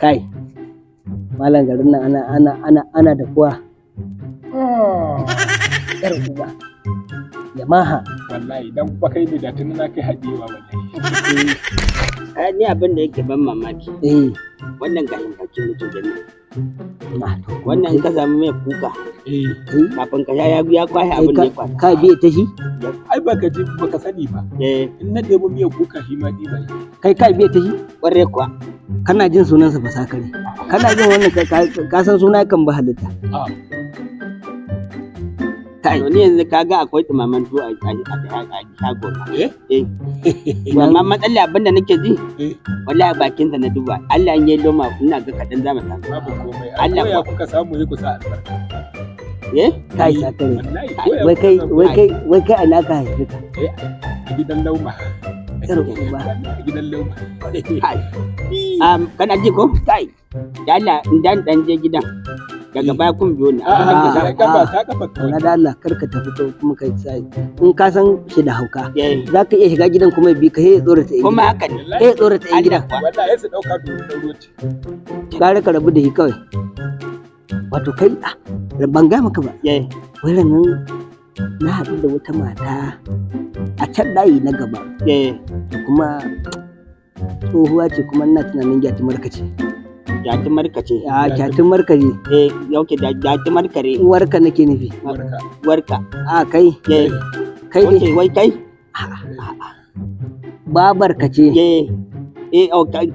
kai malam garin nan ana ana ana ana da kuwa oh. yar uba yamaha wallahi dan kuwa kai da tun na kai hadewa wallahi eh. ai ni abin da yake ban mamaki eh wannan garin bakin mutum ni. wannan ka zama mai kuka eh. kafin ka ya ya kwashe abin da ya kwashe ka biye ta shi ai baka ji ka sani ba eh. in na ɗebo miyar kuka shi ma ɗiba kai ka biye ta shi ƙwarai kuwa kana jin sunansa fasakare kana jin wannan ka san suna kan ba halitta a shago eh, eh. amma da nake ji eh. wallahi ta yi albarka irin uba kana ji ko kai dala dan dan je gidan daga baya kun biyo ni na ah, ah, ah, da dala karka ta fito kuma kai sai in ka san shi da hauka eh. za ka iya shiga gidan kuma bi ka ya tsorata ta kuma haka ne ya tsorata ta gidan wallahi sai dauka duro gare ka rabu da shi kawai wato kai ban ga maka ba eh. wai ranan na haɗu da wata mata a can layi na gaba eh. da kuma tsohuwa ce kuma ina tunanin gyatin markace gyatin markace a ah, gyatin markare eh yauke gyatin markare warka nake nufi warka a ah, kai eh. kai ne wai kai ah, babar kace eh eh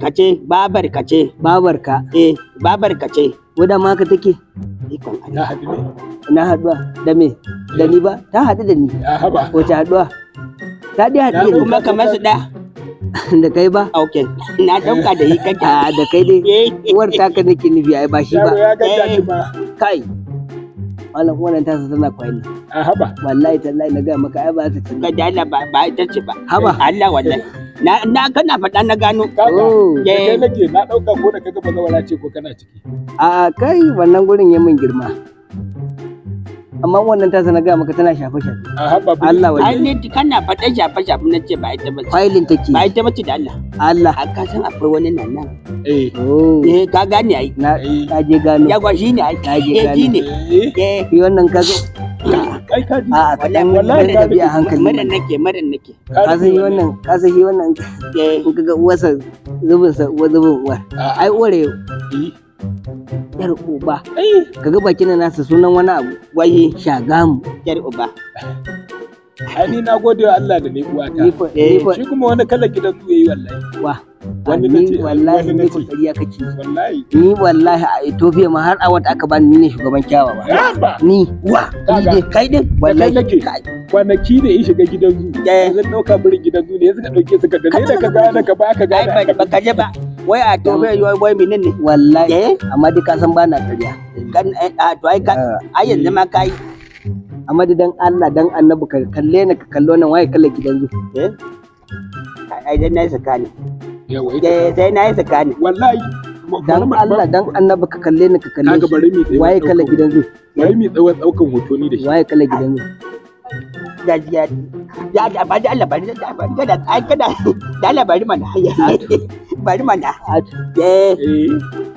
kace babar kace babar ka eh babar kace wadda ma ka take ikon Allah Na haduwa da me da ni ba ta haɗu da ni ta haduwa ta dai haɗu da ni kuma kamar su da da kai ba ok na dauka da yi kake a ah, da kai dai eh. uwar taka nake nufi ai ba shi ba eh. kai malam wannan ta sa tana kwai ne a haba wallahi tallahi na ga maka ai ba ta ci ka dala ba ba ta ci ba haba Allah wallahi na na kana faɗa na gano oh kai eh. nake na dauka ko da kaga bazawara ce ko kana ciki a ah, kai wannan gurin ya min girma amma wannan ta sana gaya maka tana shafe shafe ah, Allah wani ai ne kana faɗa shafe shafe na ce ba ita bace failin take ba ita ce da Allah Allah a ka san akwai wani nan nan eh oh. eh ka gane ai na ka je gano Ya yawa ne ai ka je gano eh, eh eh wannan ka zo kai ka ji a kadan wallahi ka bi a hankali maran nake maran nake ka san wannan ka san wannan eh. in ka ga uwarsa zubin sa zubin uwa ai uwar eh. yar uba eh. ka ga bakin nasa sunan wani abu waye shagamu yar uba ai na gode wa Allah da ni uwata eh, shi kuma wani kala gidan su yayi wallahi wa wani wallahi ne ko tsariya kake wallahi ni wallahi a Ethiopia ma har awat aka bani ni ne shugaban kyawa ba ni wa ni dai kai din wallahi kwanaki da ya shiga gidan zu eh. yanzu dauka birin gidan zu ne yanzu ka dauke su ka dane da ka gane ka ba ka gane ba ka je ba wai a ta yi, wai wai menene wallahi eh, amma dai san ba na ƙarya kan eh, a to ai ah. ai yanzu ma kai amma dan Allah dan Annabi ka kalle ni ka kallo nan wai kalle gidan zu eh ai dan nayi sakani yawa eh, sai nayi sakani wallahi dan Allah dan annabi ka kalle ni ka kalle shi waye kala gidan zu waye mai tsawon daukan hoto ni da shi kala gidan zu daji daji ya da ba da Allah bari da ai kada da Allah bari mana bari mana eh.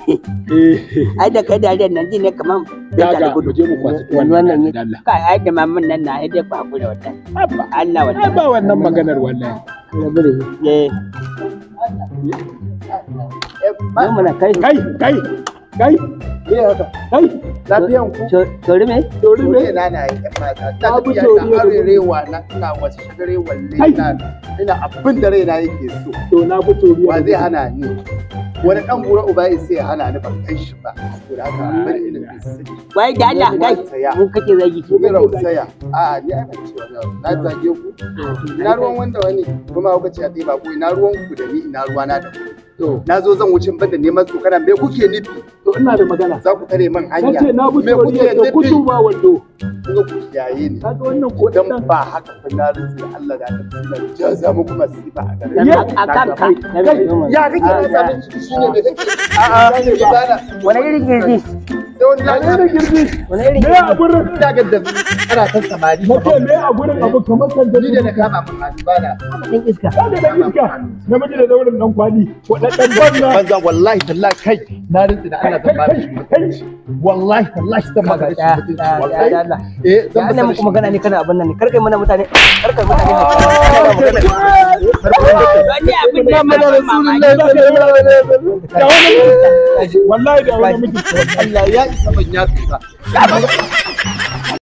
eh ai da kai da nan ne kaman je mu wannan ne ai da nan na ai da ba Allah wannan ba wannan maganar wallahi eh kai kai kai kai me haka kai lafiyan ku tori me tori me na na yan mata ta tafiya ta rewa na ina wasu shigarewa na ina abin da raina yake so to na fi tori wa zai hana ni wani dan gura uba ya sai hana ni ban kai shi ba saboda haka bari ilimin ah. wai da Allah kai Mun kake zagi ki mu rausaya a ni ai ban ce na zage ku na ruwan wanda wani kuma kuka ce a ba ku na ruwan ku da ni ina na da ku na zo zan wuce ban da neman tsokana me kuke nufi to ina da magana za ku tare man hanya me kuke nufi ku tuba wando kuma ku yaye ne kaga wannan ko dan ba haka fa na rufe Allah da ta tsira ja za mu kuma sifa a garin ya a kan ka ya kake na sabon shi ne da kake a a wani irin girgi wani irin girbi me a gurin ina gadda Kana kan samari nace me a gurin abu kamar kan ne da kama mun hannu ba da dan da iska. Na namiji da daurin dan kwali wadannan banna banza wallahi tallahi kai na rinsu da Allah zan ba shi mutunci wallahi tallahi zan ba shi mutunci wallahi eh zan ba shi magana ne kana abin nan ne karkai mana mutane karkai mutane oh, ne Muhammad Rasulullahi sallallahu ya